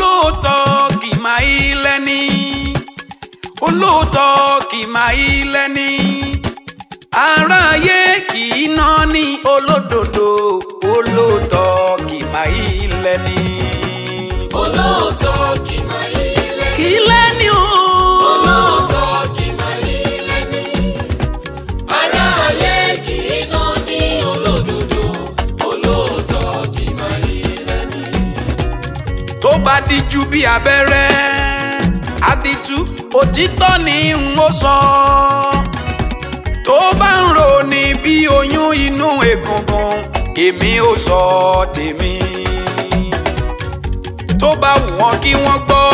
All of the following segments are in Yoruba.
olóòótọ́ kì máa í lẹ́ni olóòótọ́ kì máa í lẹ́ni aráyé kì í ná ní olódodo olóòótọ́ kì máa í lẹ́ni. olóòótọ́ kì máa í lẹ́ni. òtítọ́ ni n ó sọ tó bá ń rò ní bí oyún inú egungun èmi ò sọ tèmi tó bá wù wọ́n kí wọ́n gbọ́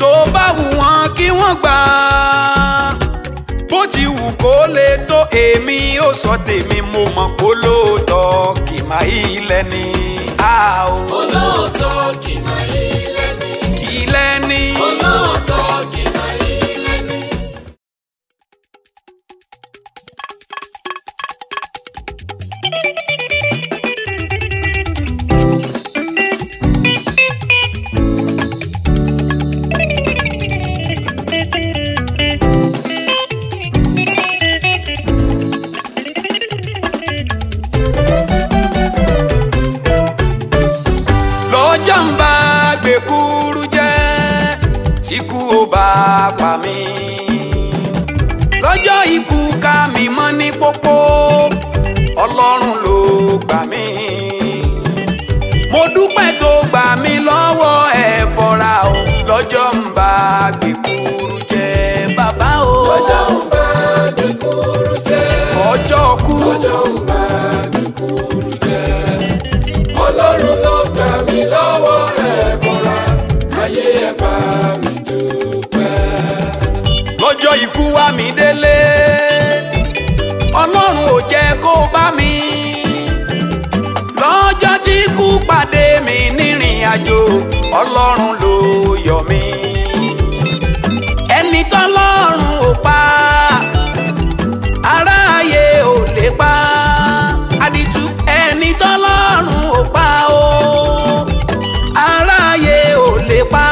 tó bá wù wọ́n kí wọ́n gbà bó ti wù kó lè tó èmi ò sọ tèmi mo mọ̀ kó lóòótọ́ kì máa ilẹ̀ ni. olóòótọ́ kì máa ilẹ̀ ni. tí kú ó bá pa mí. lọ́jọ́ ikú ká mi mọ́ ní pópó ọlọ́run ló gbà mí. mo dúpẹ́ tó gbà mí lọ́wọ́ ẹ̀ bọ́ra o lọ́jọ́ ń bá gbèkú. ọlọ́run ò jẹ́ kó bá mi lọ́jọ́ tí kú pàdé mi nírìn àjò ọlọ́run ló yọ mí ẹni tọ́lọ́run ò pa aráàyè ò lè pa àdìtú ẹni tọ́lọ́run ò pa o aráàyè ò lè pa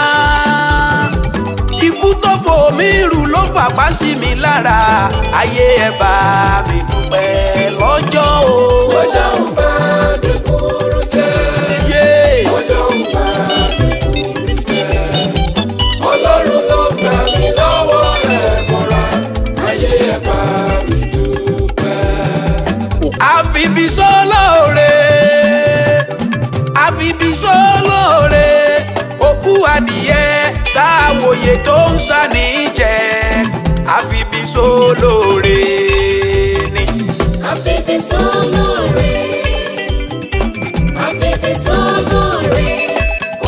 ikú tó fò mí rù ló fàpá sí mi lára ayé ẹ bá mi ọjọ́ o. ọjọ́ ń bá dúkúrú jẹ́. ọjọ́ ń bá dúkúrú jẹ́. ọlọ́run ló gbà mí lọ́wọ́ ẹ̀ mọ́ra ayé ẹ̀ bá mi dúpẹ́. àfibí sọlọ́ọ̀rẹ́ àfibí sọlọ́ọ̀rẹ́ òkú adìyẹ tá a wòye tó ń sá níjẹ àfibí sọlọ́ọ̀rẹ́ àfẹ́sọ́nà rẹ̀ àfẹ́sọ́nà rẹ̀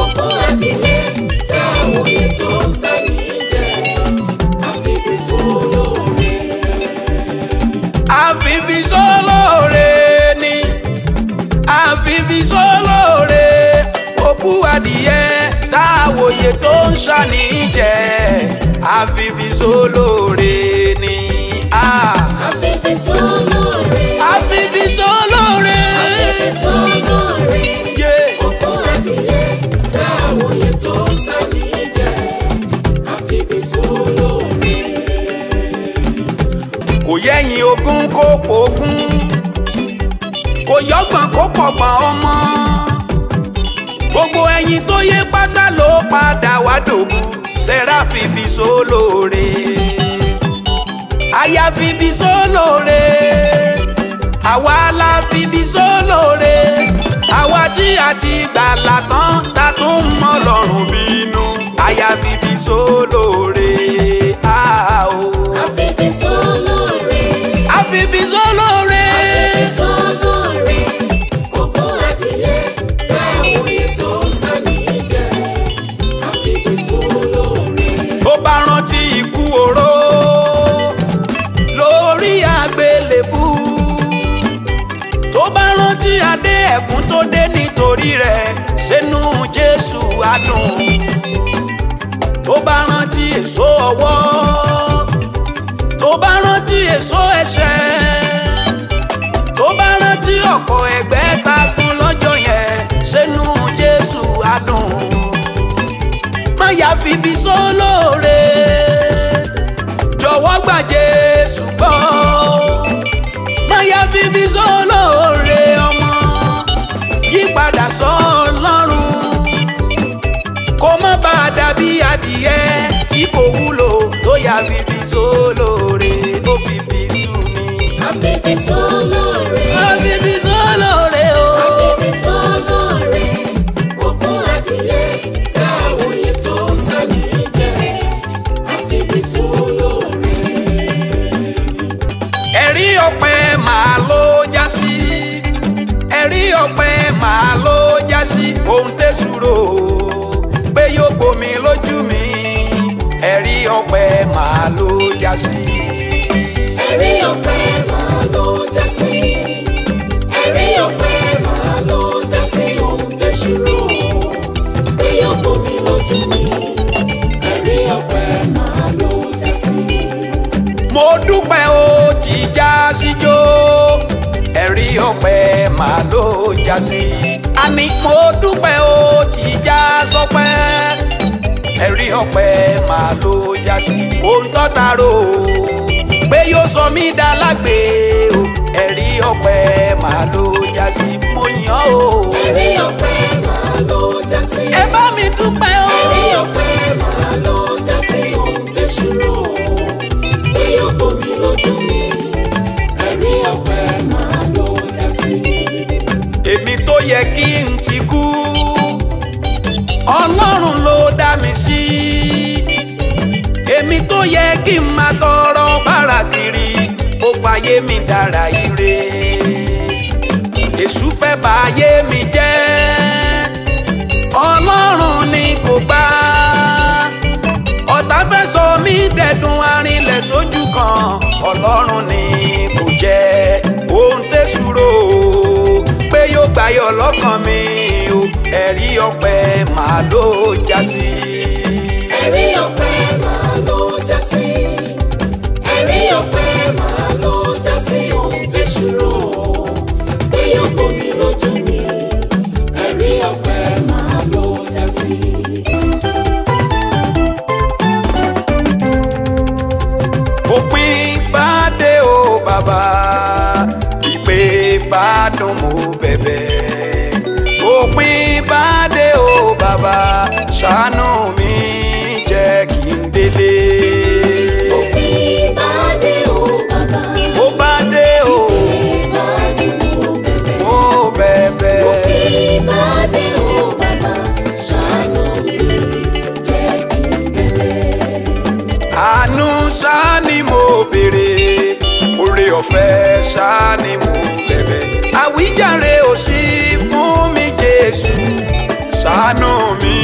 òkú àdílé táwọn ètò sáré jẹ́ àfẹ́sọ́nà rẹ̀. ni àfẹ́sọ́lọ́ọ̀rẹ́ òkú adìyẹ táwòye tó ń ṣàníjẹ àfẹ́sọ́lọ́ọ̀rẹ́ ni. àfẹ́sọ́lọ́ọ̀rẹ́ àfibí sọlọ́ọ̀rẹ́. àfibí sọlọ́ọ̀rẹ́ òkú adìyẹ tá àwòye tó sá ní jẹ àfibí sọlọ́ọ̀rẹ́. kò yẹ̀yìn ogún kó pogún kò yọgbọ̀n kó pọ̀gbọ̀n ọmọ gbogbo ẹyin tó yé pátá ló padà wá dògún sẹ́ráfì bí sólóore àyàfi bí sólóore àwa la fi bí sólóore àwa tí a ti gbàlà tán ta tún mọ́ lọ́rùn bínú àyàfi bí sólóore. tí adé ẹ̀kún tó dé nítorí rẹ̀ sínú Jésù adùn tó bá rántí èso ọwọ́ tó bá rántí èso ẹ̀ṣẹ̀. ló já sí. ẹ̀rí ọ̀pẹ máa ló já sí. ẹ̀rí ọ̀pẹ máa ló já sí ohun tẹ̀ ṣòro. pé ọkọ mi lójú mi ẹ̀rí ọ̀pẹ máa ló já sí. mo dúpẹ́ ó ti já síjó ẹ̀rí ọ̀pẹ máa ló já sí. àní mo dúpẹ́ ó ti já sọpẹ́ ẹ̀rí ọ̀pẹ màá ló já sí. ohun tọ́ta rò pé yóò sọ mí dá lágbe o ẹ̀rí ọ̀pẹ màá ló já mo yàn ó. yẹ kí n máa tọrọ bára kiri ó fàyè mi dára ire èṣù fẹ́ fàyè mi jẹ́ ọlọ́run ni kò gbà ọ̀tá fẹ́ sọ mí dẹ̀dùn arinlẹ̀ sójú kan ọlọ́run ni kò jẹ́ ohun tẹ̀sùrò pé yóò gbàyọ̀ lọ́kàn mi o ẹ̀rí ọpẹ́ màá ló já sí. ẹ̀rí ọpẹ́ màá. bẹ̀bẹ̀ òpin bá dé o bàbá ṣàánú mi jẹ́ kí n délé. òpin bá dé o bàbá. ó bá dé o. òpin bá dé o bẹ̀bẹ̀. mo bẹ̀bẹ̀. òpin bá dé o bàbá ṣàánú mi jẹ́ kí n délé. àánú ṣáá ni mo béèrè oore ọ̀fẹ́ ṣáá ni mo béèrè. ṣàánú mi.